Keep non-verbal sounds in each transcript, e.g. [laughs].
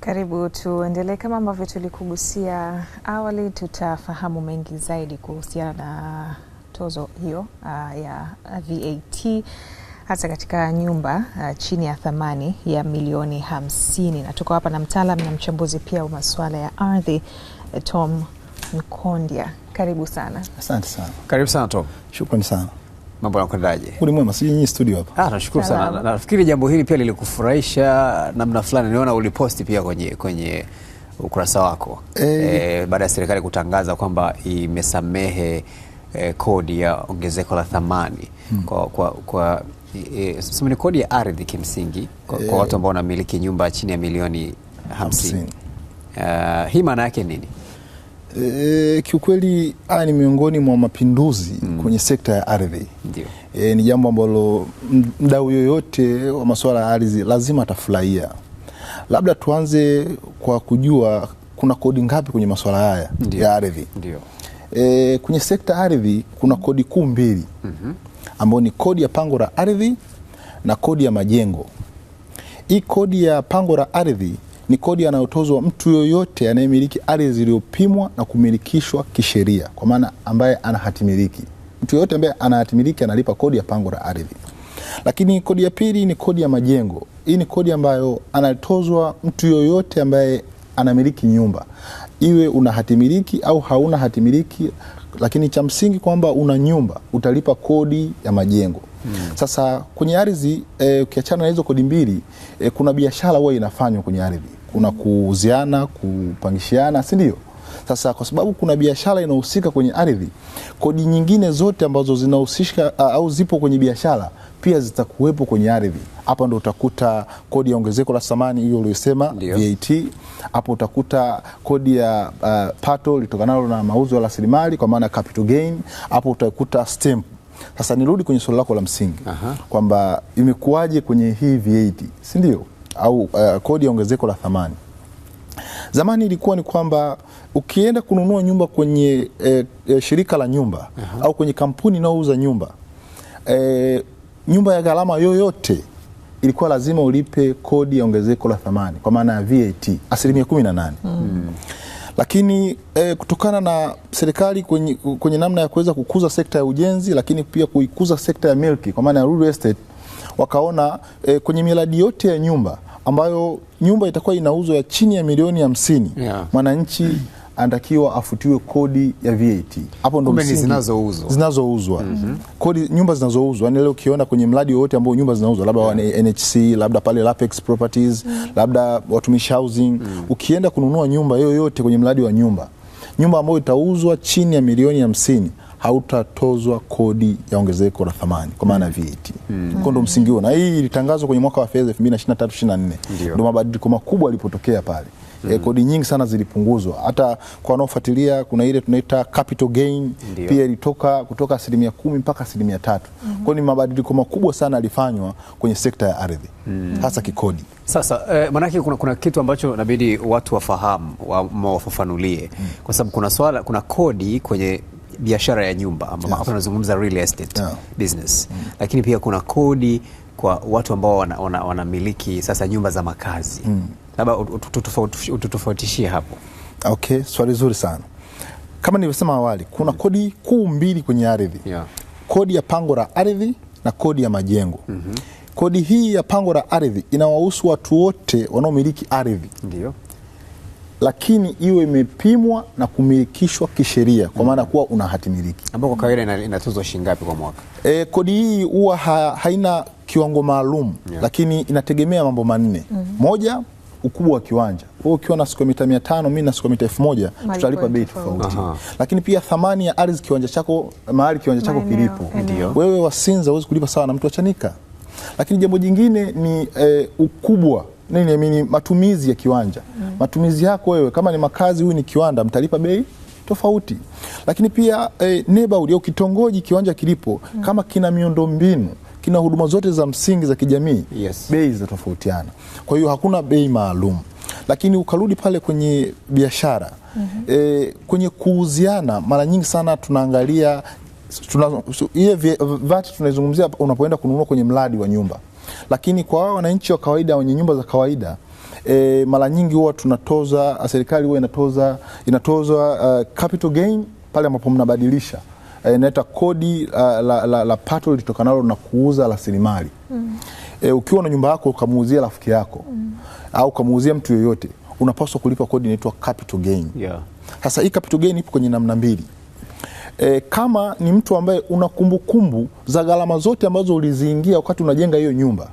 Karibu tuendelee. Kama ambavyo tulikugusia awali, tutafahamu mengi zaidi kuhusiana na tozo hiyo uh, ya VAT hasa katika nyumba uh, chini ya thamani ya milioni hamsini, na tuko hapa na mtaalam na mchambuzi pia wa masuala ya ardhi Tom Mkondya. Karibu sana. Asante sana. Karibu sana Tom. Shukrani sana. Mambo yanakwendaje? Kuli mwema, sijui nyinyi studio hapa. Ah, nashukuru sana. Nafikiri jambo hili pia lilikufurahisha namna fulani, niona uliposti pia kwenye kwenye ukurasa wako e, baada ya serikali kutangaza kwamba imesamehe e, kodi ya ongezeko la thamani hmm, kwa, kwa, kwa e, sema ni kodi ya ardhi kimsingi kwa, e, kwa watu ambao wanamiliki nyumba chini ya milioni hamsini. Uh, hii maana yake nini? E, kiukweli haya ni miongoni mwa mapinduzi mm. kwenye sekta ya ardhi e, ni jambo ambalo mdau yoyote wa masuala ya ardhi lazima atafurahia. Labda tuanze kwa kujua kuna kodi ngapi kwenye masuala haya ya ardhi. E, kwenye sekta ya ardhi kuna kodi kuu mbili mm -hmm. ambayo ni kodi ya pango la ardhi na kodi ya majengo. Hii kodi ya pango la ardhi ni kodi anayotozwa mtu yoyote anayemiliki ardhi iliyopimwa na kumilikishwa kisheria, kwa maana ambaye ana hatimiliki. Mtu yoyote ambaye ana hatimiliki analipa kodi ya pango la ardhi. Lakini kodi ya pili ni kodi ya majengo. Hii ni kodi ambayo anatozwa mtu yoyote ambaye anamiliki nyumba, iwe una hatimiliki au hauna hatimiliki, lakini cha msingi kwamba una nyumba utalipa kodi ya majengo. Hmm. Sasa kwenye ardhi eh, ukiachana e, na hizo kodi mbili e, kuna biashara huwa inafanywa kwenye ardhi kuna kuuziana, kupangishiana, si ndio? Sasa kwa sababu kuna biashara inahusika kwenye ardhi, kodi nyingine zote ambazo zinahusika au zipo kwenye biashara pia zitakuwepo kwenye ardhi. Hapa ndo utakuta kodi ya ongezeko la thamani hiyo uliyosema VAT. Hapo utakuta kodi ya uh, pato litokanalo na mauzo ya rasilimali kwa maana capital gain. Hapo utakuta stamp. Sasa nirudi kwenye swali lako la msingi kwamba imekuwaje kwenye hii VAT, si ndio? au uh, kodi ya ongezeko la thamani. Zamani ilikuwa ni kwamba ukienda kununua nyumba kwenye e, e, shirika la nyumba -huh. au kwenye kampuni inayouza nyumba e, nyumba ya gharama yoyote ilikuwa lazima ulipe kodi ya ongezeko la thamani kwa maana ya VAT asilimia kumi na nane hmm. Hmm. Lakini e, kutokana na serikali kwenye, kwenye namna ya kuweza kukuza sekta ya ujenzi, lakini pia kuikuza sekta ya milki kwa maana ya real estate, wakaona e, kwenye miradi yote ya nyumba ambayo nyumba itakuwa inauzwa ya chini ya milioni hamsini yeah. mwananchi mm anatakiwa afutiwe kodi ya VAT. Hapo ndo zinazouzwa zinazouzwa mm -hmm. kodi nyumba zinazouzwa ni yaani leo ukiona kwenye mradi wowote ambao nyumba zinauzwa labda yeah. NHC labda pale Lapex Properties mm. labda watumishi housing mm. ukienda kununua nyumba yoyote kwenye mradi wa nyumba nyumba ambayo itauzwa chini ya milioni hamsini hautatozwa kodi ya ongezeko la thamani kwa maana ya VAT. Huo hmm. ndo msingi huo, na hii ilitangazwa kwenye mwaka wa fedha 2023/2024 ndio mabadiliko makubwa yalipotokea pale. Mm. E, kodi nyingi sana zilipunguzwa. Hata kwa wanaofuatilia kuna ile tunaita capital gain Pia ilitoka kutoka asilimia kumi mpaka asilimia tatu. mm -hmm. Kwa ni mabadiliko makubwa sana yalifanywa kwenye sekta ya ardhi mm. hasa kikodi. Sasa eh, maanake kuna, kuna kitu ambacho inabidi watu wafahamu wa, wafafanulie mm. kwa sababu kuna swala, kuna kodi kwenye biashara ya nyumba ambapo yes. tunazungumza real estate yeah. business mm. lakini pia kuna kodi kwa watu ambao wanamiliki wana, wana sasa nyumba za makazi mm. labda ututofautishie hapo. Okay, swali zuri sana. Kama nilivyosema awali, kuna mm. kodi kuu mbili kwenye ardhi yeah. kodi ya pango la ardhi na kodi ya majengo mm -hmm. Kodi hii ya pango la ardhi inawahusu watu wote wanaomiliki ardhi, ndio lakini iwe imepimwa na kumilikishwa kisheria kwa maana kuwa una hati miliki ambapo kwa kawaida inatozwa shilingi ngapi kwa mwaka? E, kodi hii huwa ha, haina kiwango maalum yeah. Lakini inategemea mambo manne mm -hmm. Moja, ukubwa wa kiwanja. Wewe ukiwa na square mita 500 mimi na square mita 1000 tutalipa bei tofauti. Lakini pia thamani ya ardhi kiwanja chako mahali kiwanja chako kilipo. Wewe Wasinza huwezi kulipa sawa na mtu wa Chanika. Lakini jambo jingine ni e, ukubwa nini matumizi ya kiwanja mm. matumizi yako wewe kama ni makazi, huyu ni kiwanda, mtalipa bei tofauti. Lakini pia eh, neighborhood au kitongoji kiwanja kilipo mm. kama kina miundombinu kina huduma zote za msingi za kijamii yes. bei zinatofautiana, kwa hiyo hakuna bei maalum. Lakini ukarudi pale kwenye biashara mm -hmm. eh, kwenye kuuziana, mara nyingi sana tunaangalia ile tuna, VAT tunaizungumzia unapoenda kununua kwenye mradi wa nyumba lakini kwa wao wananchi wa kawaida wenye nyumba za kawaida e, mara nyingi huwa tunatoza, serikali huwa inatoza inatozwa uh, capital gain pale ambapo mnabadilisha e, inaeta kodi uh, la, la, la pato litokanalo na kuuza rasilimali mm. E, ukiwa na nyumba yako ukamuuzia rafiki yako mm. au ukamuuzia mtu yoyote unapaswa kulipa kodi inaitwa capital gain. Yeah. Sasa hii capital gain ipo kwenye namna mbili e, kama ni mtu ambaye una kumbukumbu za gharama zote ambazo uliziingia wakati unajenga hiyo nyumba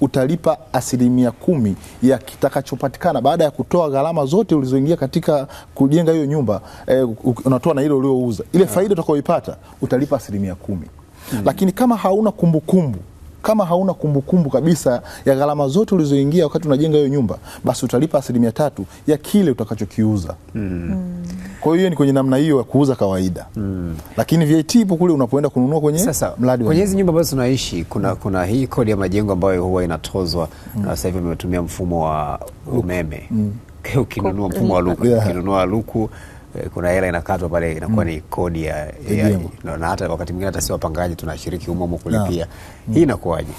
utalipa asilimia kumi ya kitakachopatikana baada ya kutoa gharama zote ulizoingia katika kujenga hiyo nyumba e, unatoa na ile uliouza ile ah. faida utakaoipata utalipa asilimia kumi. Hmm. Lakini kama hauna kumbukumbu kumbu, kama hauna kumbukumbu kabisa ya gharama zote ulizoingia wakati unajenga hiyo nyumba, basi utalipa asilimia tatu ya kile utakachokiuza. Mm. Kwa hiyo ni kwenye namna hiyo ya kuuza kawaida. Mm. Lakini VAT ipo kule unapoenda kununua kwenye sasa, mradi kwenye hizi nyumba ambazo tunaishi kuna, hmm. kuna hii kodi ya majengo ambayo huwa inatozwa mm. na sasa hivi ametumia mfumo wa umeme mm. [laughs] ukinunua mfumo wa luku yeah. ukinunua luku Eh, kuna hela inakatwa pale inakuwa mm. ni kodi ya, ya, na hata wakati mwingine hata si wapangaji tunashiriki umomo kulipia mm. hii inakuwaje?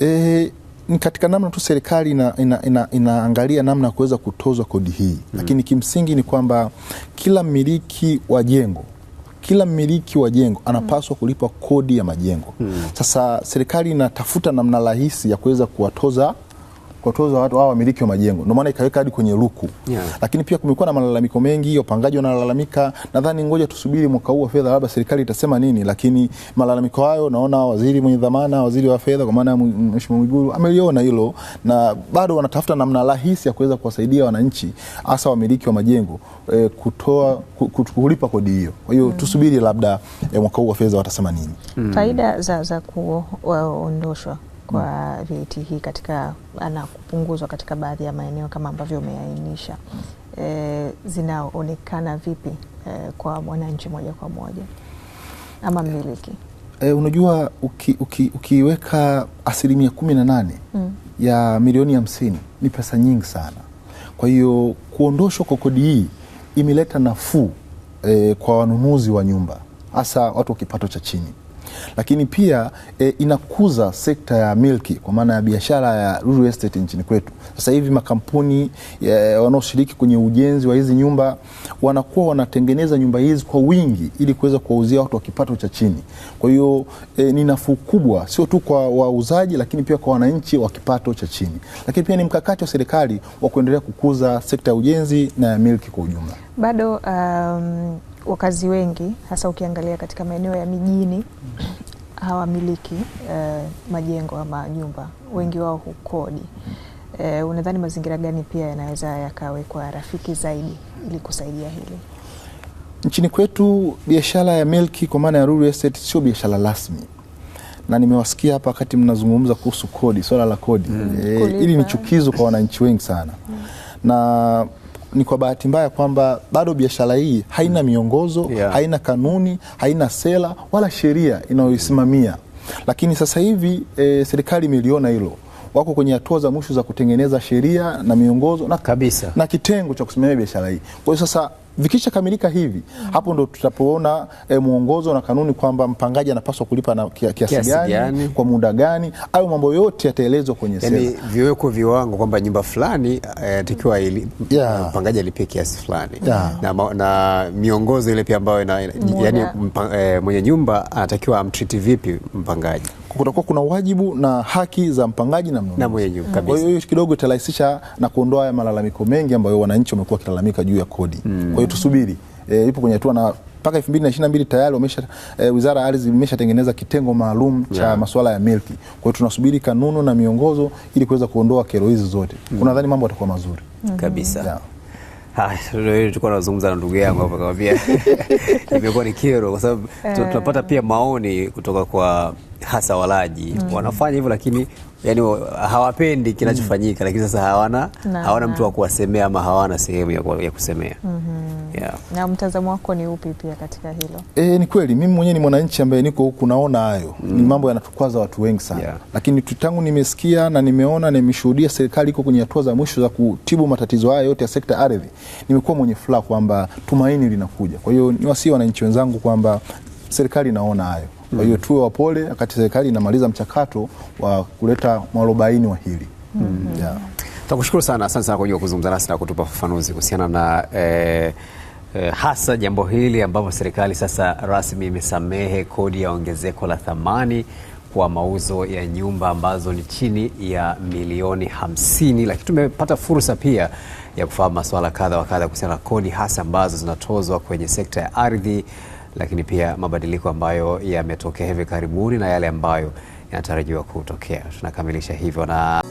Eh, ni katika namna tu serikali ina, ina, ina, inaangalia namna ya kuweza kutozwa kodi hii mm. lakini kimsingi ni kwamba kila mmiliki wa jengo kila mmiliki wa jengo mm. anapaswa kulipa kodi ya majengo mm. Sasa serikali inatafuta namna rahisi ya kuweza kuwatoza kuwatoza watu hao wamiliki wa majengo, ndio maana ikaweka hadi kwenye ruku yeah. Lakini pia kumekuwa na malalamiko mengi, wapangaji wanalalamika. Nadhani ngoja tusubiri mwaka huu wa fedha, labda serikali itasema nini, lakini malalamiko hayo naona waziri mwenye dhamana, waziri wa fedha, kwa maana Mheshimiwa Mwigulu ameliona hilo, na bado wanatafuta namna rahisi ya kuweza kuwasaidia wananchi, hasa wamiliki wa majengo e, kutoa kulipa kodi hiyo. Kwa hiyo mm. tusubiri labda e, mwaka huu wa fedha watasema nini mm. faida za, za kuondoshwa kwa VAT hii katika ana kupunguzwa katika baadhi ya maeneo kama ambavyo umeainisha, e, zinaonekana vipi e, kwa mwananchi moja kwa moja ama mmiliki? E, unajua uki, uki, ukiweka asilimia kumi na nane mm. ya milioni hamsini ni pesa nyingi sana. Kwa hiyo kuondoshwa kwa kodi hii imeleta nafuu e, kwa wanunuzi wa nyumba hasa watu wa kipato cha chini lakini pia e, inakuza sekta ya milki kwa maana ya biashara ya estate nchini kwetu. Sasa hivi makampuni e, wanaoshiriki kwenye ujenzi wa hizi nyumba wanakuwa wanatengeneza nyumba hizi kwa wingi ili kuweza kuwauzia watu wa kipato cha chini. Kwa hiyo e, ni nafuu kubwa sio tu kwa wauzaji, lakini pia kwa wananchi wa kipato cha chini, lakini pia ni mkakati wa serikali wa kuendelea kukuza sekta ya ujenzi na ya milki kwa ujumla bado um wakazi wengi hasa ukiangalia katika maeneo ya mijini [clears throat] hawamiliki eh, majengo ama nyumba, wengi wao hukodi. Eh, unadhani mazingira gani pia yanaweza yakawekwa rafiki zaidi ili kusaidia hili? Nchini kwetu biashara ya milki kwa maana ya real estate sio biashara rasmi, na nimewasikia hapa wakati mnazungumza kuhusu kodi, swala la kodi mm. E, hili ni chukizo kwa wananchi wengi sana mm. na ni kwa bahati mbaya kwamba bado biashara hii haina mm. miongozo yeah. haina kanuni, haina sera wala sheria inayoisimamia, lakini sasa hivi e, serikali imeliona hilo wako kwenye hatua za mwisho za kutengeneza sheria na miongozo na, kabisa na kitengo cha kusimamia biashara hii. Kwa hiyo sasa vikisha kamilika hivi mm -hmm. Hapo ndo tutapoona e, mwongozo na kanuni kwamba mpangaji anapaswa kulipa na kiasi kia kia gani kwa muda gani, au mambo yote yataelezwa kwenye yaani sera, yani viweko viwango kwamba nyumba fulani inatakiwa eh, e, yeah. mpangaji alipie kiasi fulani yeah. na, na miongozo ile pia ambayo yani mpa, e, mwenye nyumba anatakiwa amtriti vipi mpangaji kutakuwa kuna wajibu na haki za mpangaji na mnunuzi. Kwa hiyo hiyo kidogo italahisisha na kuondoa haya malalamiko mengi ambayo wananchi wamekuwa wakilalamika juu ya kodi. Hmm. Kwa hiyo tusubiri, e, ipo kwenye hatua na mpaka 2022 tayari wamesha e, Wizara ya Ardhi imeshatengeneza kitengo maalum cha yeah, masuala ya milki. Kwa hiyo tunasubiri kanuni na miongozo ili kuweza kuondoa kero hizi zote. Mm. Unadhani mambo yatakuwa mazuri? Mm -hmm. Kabisa. Yeah tulikuwa nazungumza na ndugu yangu hapa, kawambia [laughs] imekuwa ni kero, kwa sababu eh. tunapata pia maoni kutoka kwa hasa walaji mm. wanafanya hivyo, lakini yani hawapendi kinachofanyika, mm. lakini sasa hawana na, hawana mtu wa kuwasemea ama hawana sehemu ya kusemea. mm -hmm. yeah. Na mtazamo wako ni upi pia katika hilo? E, ni kweli mimi mwenyewe ni mwananchi ambaye niko huku naona hayo mm. ni mambo yanatukwaza watu wengi sana yeah. Lakini tangu nimesikia na nimeona nimeshuhudia serikali iko kwenye hatua za mwisho za kutibu matatizo haya yote ya sekta ardhi, nimekuwa mwenye furaha kwamba tumaini linakuja. Kwa hiyo niwasii wananchi wenzangu kwamba serikali inaona hayo kwa hiyo tuwe wapole wakati serikali inamaliza mchakato wa kuleta mwarobaini wa hili mm -hmm. yeah. sana, asante sana kwa ya kuzungumza nasi na kutupa fafanuzi kuhusiana na eh, eh, hasa jambo hili ambapo serikali sasa rasmi imesamehe kodi ya ongezeko la thamani kwa mauzo ya nyumba ambazo ni chini ya milioni hamsini, lakini tumepata fursa pia ya kufahamu masuala kadha wa kadha kuhusiana na kodi hasa ambazo zinatozwa kwenye sekta ya ardhi lakini pia mabadiliko ambayo yametokea hivi karibuni na yale ambayo yanatarajiwa kutokea. Tunakamilisha hivyo na